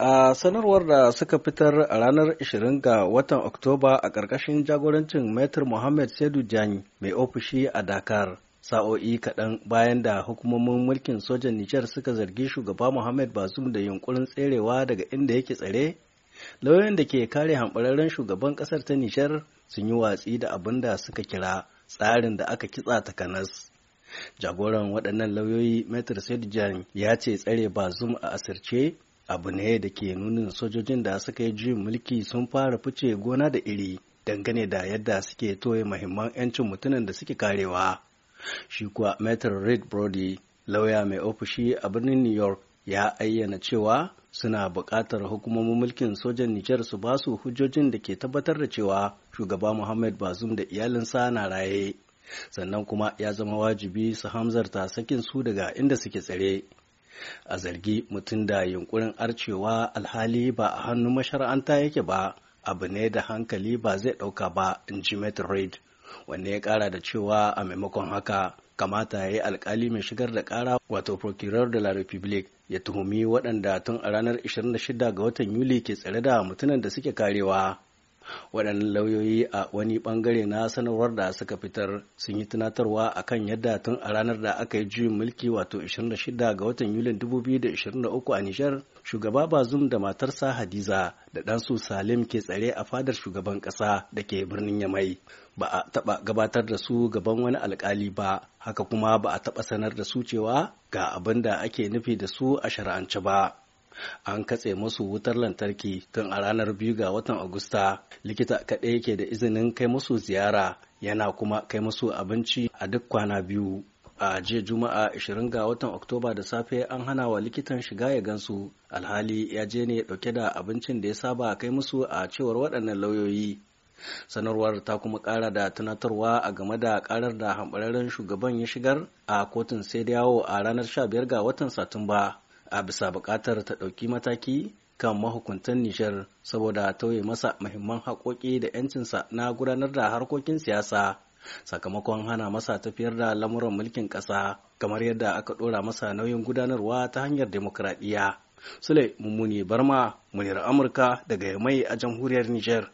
A sanarwar da suka fitar a ranar 20 ga watan Oktoba a ƙarƙashin jagorancin metr Mohammed Sedu Jani mai ofishi a Dakar, sa'o'i kaɗan bayan da hukumomin mulkin sojan Nijar suka zargi shugaba Mohammed Bazoum da yunkurin tserewa daga inda yake tsare, lauyoyin da ke kare hamɓararren shugaban ƙasar ta Nijar sun yi watsi da abin da suka kira tsarin da aka kitsa takanas. Jagoran waɗannan lauyoyi metr Sedu Jani ya ce tsare Bazoum a asirce abu ne da ke nunin sojojin da suka yi juyin mulki sun fara fice gona da iri dangane da yadda suke toye mahimman 'yancin mutumin da suke karewa shi kuwa metro reid brody lauya mai ofishi a birnin new york ya ayyana cewa suna buƙatar hukumomin mulkin sojan nijar su ba su hujjojin da ke tabbatar da cewa shugaba muhammad bazum da iyalinsa na raye sannan kuma ya zama wajibi su hamzarta sakin su daga inda suke tsare a zargi mutum da yunkurin arcewa alhali ba a hannun mashara'anta yake ba abu ne da hankali ba zai ɗauka ba in ji reid wanda ya ƙara da cewa a maimakon haka kamata ya yi alkali mai shigar da ƙara wato procureur de la republique ya tuhumi waɗanda tun a ranar 26 ga watan yuli ke tsare da mutunan da suke karewa waɗannan lauyoyi a wani ɓangare na sanarwar da suka fitar sun yi tunatarwa a kan yadda tun a ranar da aka yi juyin mulki wato 26 ga watan yulin 2023 a nijar shugaba bazum da matarsa hadiza da ɗansu salim ke tsare a fadar shugaban ƙasa da ke birnin yamai ba a taɓa gabatar da su gaban wani alkali ba haka kuma ba a taɓa sanar da su cewa ga abin da ake nufi da su a shara'ance ba an katse musu wutar lantarki tun a ranar biyu ga watan agusta likita kaɗai yake da izinin kai musu ziyara yana kuma kai musu abinci a duk kwana biyu a jiya juma'a 20 ga watan oktoba da safe an hana wa likitan shiga ya gansu alhali ya je ne dauke da abincin da ya saba kai musu a cewar waɗannan lauyoyi sanarwar ta kuma ƙara da tunatarwa a game da karar da hambararren shugaban ya shigar a kotun sai da yawo a ranar 15 ga watan satumba a bisa buƙatar ta ɗauki mataki kan mahukuntan Nijar saboda tauye masa muhimman haƙoƙi da 'yancinsa na gudanar da harkokin siyasa sakamakon hana masa tafiyar da lamuran mulkin ƙasa kamar yadda aka ɗora masa nauyin gudanarwa ta hanyar demokradiyya. Sule Mummuni Barma, Munir Amurka daga mai a jamhuriyar Nijar.